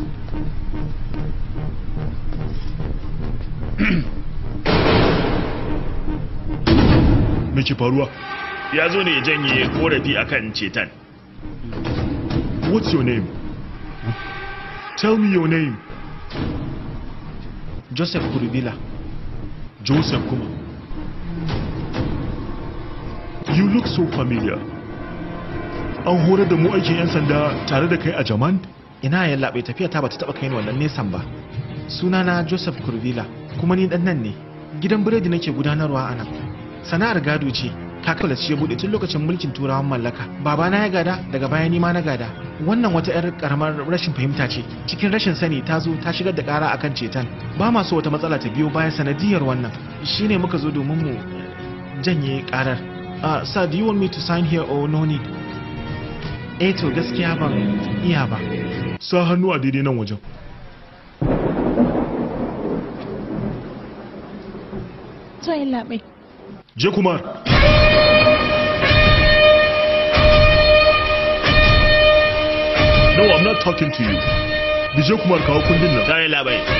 me ke faruwa ya zo ne janye korafi akan cetan what's your name tell me your name joseph kuribila joseph kuma you look so familiar an horar da mu aikin 'yan sanda tare da kai a jaman ina ya laɓe tafiya ta bata taɓa kai ni wannan nesan ba sunana joseph kurvila kuma ni dan nan ne gidan biredi nake gudanarwa a nan sana'ar gado ce kakala ce bude tun lokacin mulkin turawan mallaka babana ya gada daga baya ni ma na gada wannan wata yar karamar rashin fahimta ce cikin rashin sani ta zo ta shigar da kara akan ceton ba ma so wata matsala ta biyo bayan sanadiyar wannan Shi ne muka zo domin mu janye karar uh, ah, sir do you want me to sign here or no need eh to gaskiya ban iya ba sa hannu a daidai nan wajen to yi labai je kumar no i'm not talking to you je kumar kawo kundin nan ta yi labai